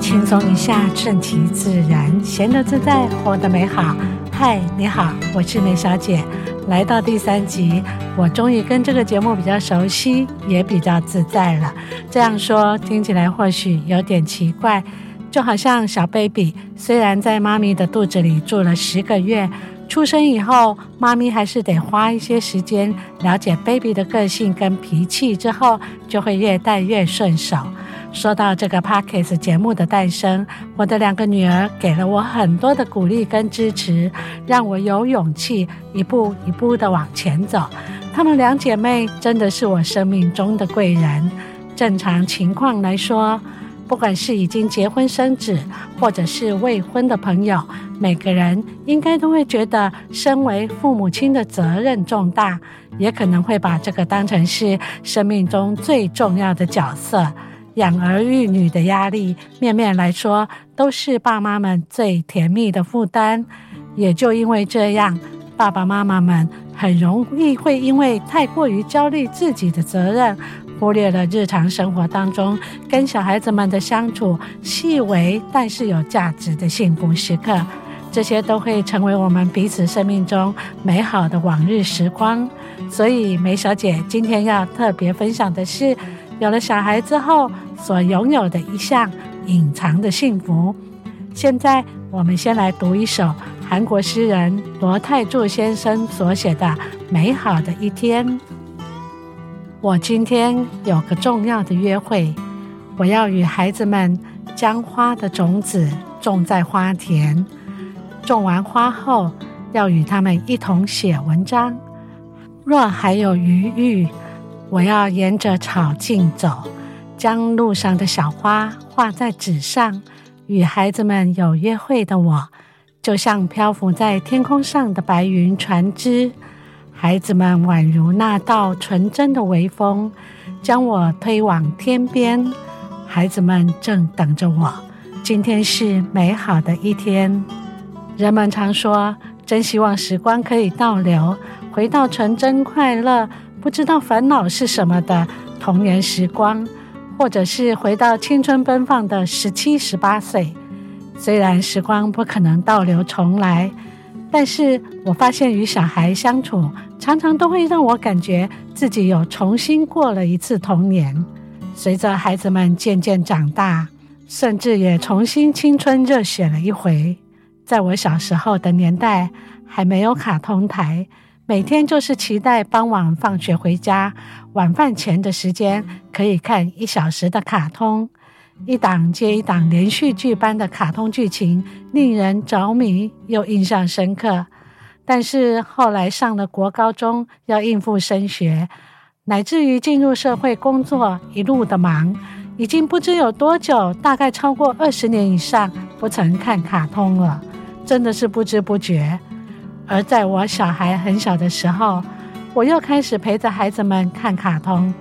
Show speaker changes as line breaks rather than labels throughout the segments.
輕鬆一下，順其自然，閒得自在，活得美好。嗨，你好，我是梅小姐。來到第三集，我終於跟這個節目比較熟悉，也比較自在了。這樣說聽起來或許有點奇怪，就好像小 baby 雖然在媽咪的肚子裡住了十個月，出生以後，媽咪還是得花一些時間了解 baby 的個性跟脾氣，之後就會越帶越順手。說到這個 Podcast 節目的誕生，我的兩個女兒給了我很多的鼓勵跟支持，讓我有勇氣一步一步地往前走。她們兩姐妹真的是我生命中的貴人。正常情況來說，不管是已經結婚生子，或者是未婚的朋友，每個人應該都會覺得身為父母親的責任重大，也可能會把這個當成是生命中最重要的角色。養兒育女的壓力，面面來說都是爸媽們最甜蜜的負擔。也就因為這樣，爸爸媽媽們很容易會因為太過於焦慮自己的責任，忽略了日常生活當中跟小孩子們的相處，細微但是有價值的幸福時刻。這些都會成為我們彼此生命中美好的往日時光。所以，梅小姐今天要特別分享的是，有了小孩之後所擁有的一項隱藏的幸福。現在，我們先來讀一首韓國詩人羅泰柱先生所寫的《美好的一天》。我今天有個重要的約會，我要與孩子們將花的種子種在花田。種完花後，要與他們一同寫文章。若還有餘裕。我要沿着草徑走，將路上的小花畫在紙上。與孩子們有約會的我，就像漂浮在天空上的白雲船只。孩子們宛如那道純真的微風，將我推往天邊。孩子們正等着我。今天是美好的一天。人們常說，真希望時光可以倒流，回到純真快樂。不知道煩惱是什麼的童年時光，或者是回到青春奔放的十七、十八歲。雖然時光不可能倒流重來，但是我發現與小孩相處，常常都會讓我感覺自己又重新過了一次童年。隨着孩子們漸漸長大，甚至也重新青春熱血了一回。在我小時候的年代，還沒有卡通台。每天就是期待傍晚放學回家，晚飯前的時間可以看一小時的卡通，一檔接一檔連續劇般的卡通劇情，令人着迷又印象深刻。但是後來上了國高中，要應付升學，乃至於進入社會工作，一路的忙，已經不知有多久，大概超過二十年以上不曾看卡通了，真的是不知不覺。而在我小孩很小的時候，我又開始陪着孩子們看卡通，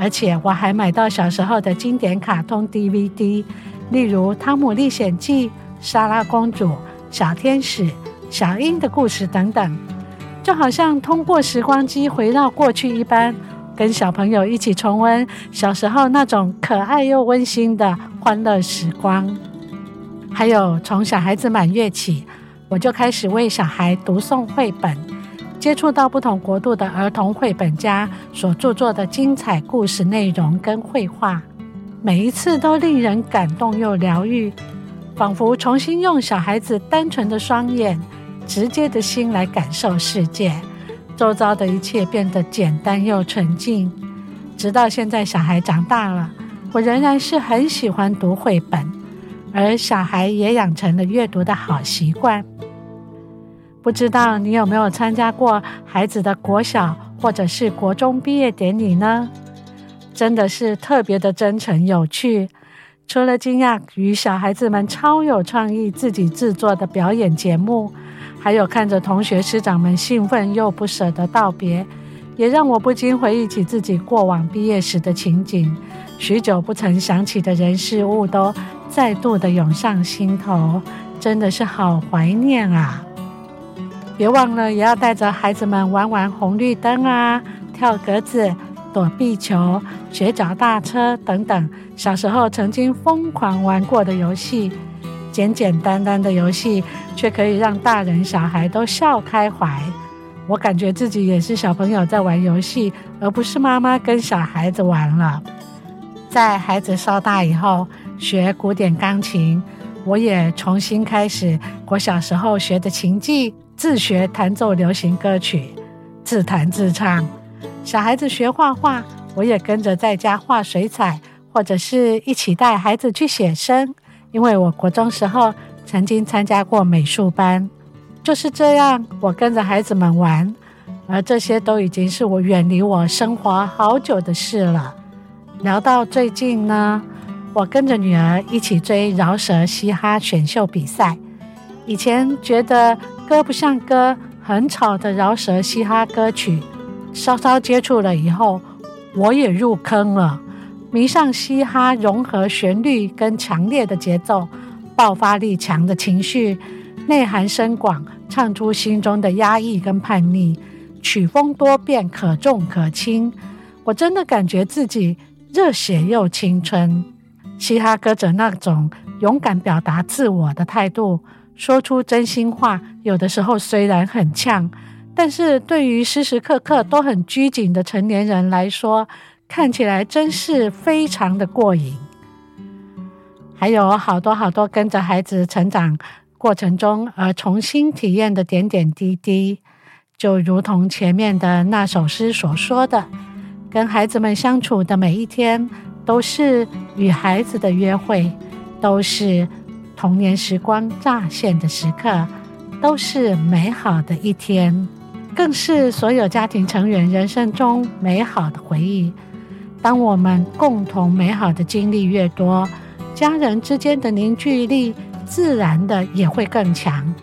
而且我還買到小時候的經典卡通 DVD，例如《湯姆歷險記》《莎拉公主》《小天使》《小英的故事》等等，就好像通過時光機回到過去一般，跟小朋友一起重溫小時候那種可愛又溫馨的歡樂時光。還有從小孩子滿月起，我就開始為小孩讀誦繪本，接觸到不同國度的兒童繪本家所著作的精彩故事內容跟繪畫，每一次都令人感動又療癒，仿佛重新用小孩子單純的雙眼、直接的心來感受世界，周遭的一切變得簡單又純淨。直到現在，小孩長大了，我仍然是很喜歡讀繪本，而小孩也養成了閱讀的好習慣。不知道你有沒有參加過孩子的國小或者是國中畢業典禮呢？真的是特別的真誠有趣。除了驚訝於小孩子們超有創意自己製作的表演節目，還有看着同學師長們興奮又不捨得道別，也讓我不禁回憶起自己過往畢業時的情景。許久不曾想起的人事物都再度的湧上心頭，真的是好懷念啊！別忘了，也要帶着孩子們玩玩紅綠燈啊、跳格子、躲避球、學腳踏車等等，小時候曾經瘋狂玩過的遊戲，簡簡單單的遊戲，卻可以讓大人小孩都笑開懷。我感覺自己也是小朋友在玩遊戲，而不是媽媽跟小孩子玩了。在孩子稍大以後，學古典鋼琴，我也重新開始我小時候學的琴技。自學彈奏流行歌曲，自彈自唱。小孩子學畫畫，我也跟着在家畫水彩，或者是一起帶孩子去寫生。因為我國中時候曾經參加過美術班，就是這樣，我跟着孩子們玩。而這些都已經是我遠離我生活好久的事了。聊到最近呢，我跟着女兒一起追饒舌嘻哈選秀比賽。以前覺得，歌不像歌，很吵的饒舌嘻哈歌曲。稍稍接觸了以後，我也入坑了，迷上嘻哈融合旋律跟強烈的節奏，爆發力強的情緒，內涵深廣，唱出心中的壓抑跟叛逆。曲風多變，可重可輕。我真的感覺自己熱血又青春。嘻哈歌者那種勇敢表達自我的態度。說出真心話，有的時候雖然很嗆，但是對於時時刻刻都很拘謹的成年人來說，看起來真是非常的過癮。還有好多好多跟着孩子成長過程中而重新體驗的點點滴滴，就如同前面的那首詩所說的，跟孩子們相處的每一天都是與孩子的約會，都是。童年時光乍現的時刻，都是美好的一天，更是所有家庭成員人生中美好的回憶。當我們共同美好的經歷越多，家人之間的凝聚力自然的也會更強，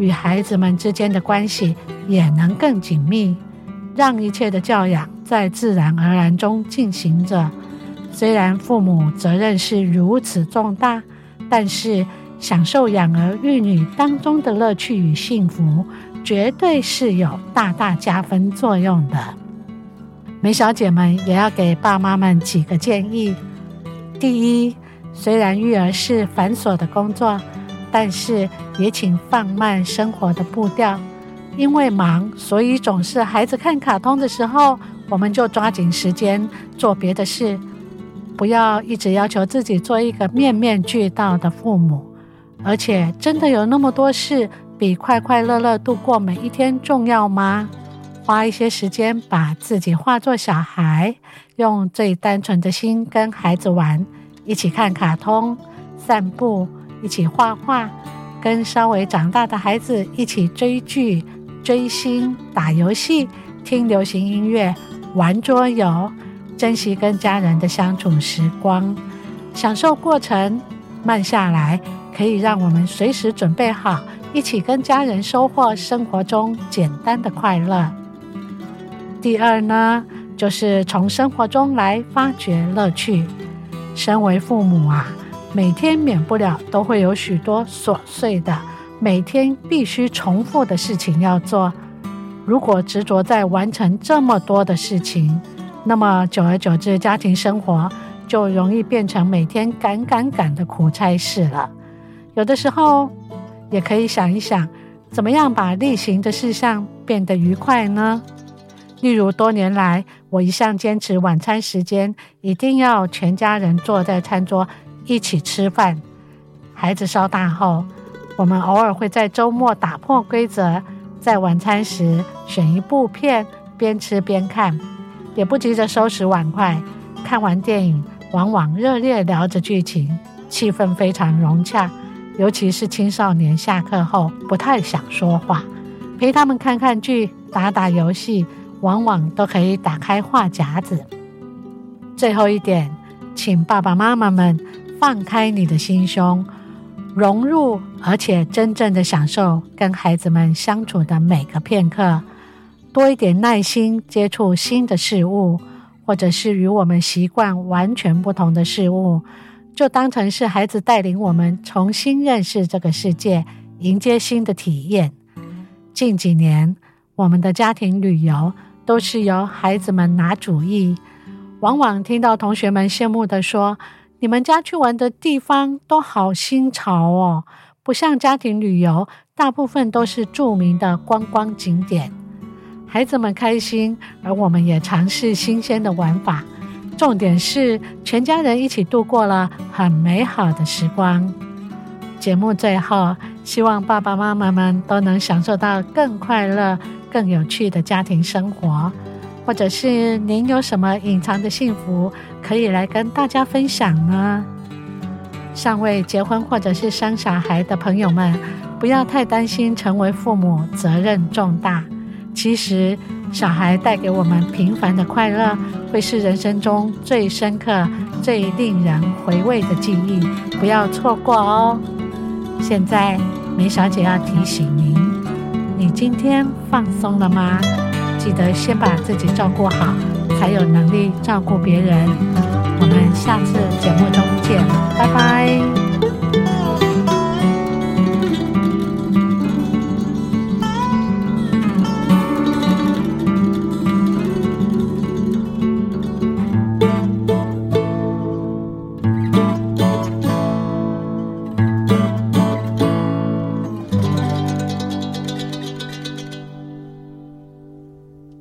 與孩子們之間的關係也能更緊密，讓一切的教養在自然而然中進行着。雖然父母責任是如此重大，但是，享受養兒育女當中的樂趣與幸福，絕對是有大大加分作用的。梅小姐們也要給爸媽們幾個建議：第一，雖然育兒是繁瑣的工作，但是也請放慢生活的步調。因為忙，所以總是孩子看卡通的時候，我們就抓緊時間做別的事。不要一直要求自己做一個面面俱到的父母，而且真的有那麼多事比快快樂樂度過每一天重要嗎？花一些時間把自己化作小孩，用最單純的心跟孩子玩，一起看卡通、散步，一起畫畫，跟稍微長大的孩子一起追劇、追星、打遊戲、聽流行音樂、玩桌遊。珍惜跟家人的相處時光，享受過程，慢下來，可以讓我們隨時準備好，一起跟家人收穫生活中簡單的快樂。第二呢，就是從生活中來發掘樂趣。身為父母啊，每天免不了都會有許多瑣碎的、每天必須重複的事情要做。如果執着在完成這麼多的事情，那麼久而久之，家庭生活就容易變成每天趕趕趕的苦差事了。有的時候，也可以想一想，怎麼樣把例行的事項變得愉快呢？例如，多年來我一向堅持晚餐時間一定要全家人坐在餐桌一起吃飯。孩子稍大後，我們偶爾會在周末打破規則，在晚餐時選一部片，邊吃邊看。也不急着收拾碗筷，看完電影往往熱烈聊着劇情，氣氛非常融洽。尤其是青少年下課後不太想說話，陪他們看看劇、打打遊戲，往往都可以打開話匣子。最後一點，請爸爸媽媽們放開你的心胸，融入而且真正的享受跟孩子們相處的每個片刻。多一點耐心，接觸新的事物，或者是與我們習慣完全不同的事物，就當成是孩子帶領我們重新認識這個世界，迎接新的體驗。近幾年，我們的家庭旅遊都是由孩子們拿主意，往往聽到同學們羨慕地說：“你們家去玩的地方都好新潮哦！”不像家庭旅遊，大部分都是著名的觀光景點。孩子們開心，而我們也嘗試新鮮的玩法。重點是，全家人一起度過了很美好的時光。節目最後，希望爸爸媽媽們都能享受到更快樂、更有趣的家庭生活。或者是您有什麼隱藏的幸福，可以來跟大家分享呢？尚未結婚或者是生小孩的朋友們，不要太擔心，成為父母責任重大。其實，小孩帶給我們平凡的快樂，會是人生中最深刻、最令人回味的記憶。不要錯過哦！現在，梅小姐要提醒您：你今天放鬆了嗎？記得先把自己照顧好，才有能力照顧別人。我們下次節目中見，拜拜。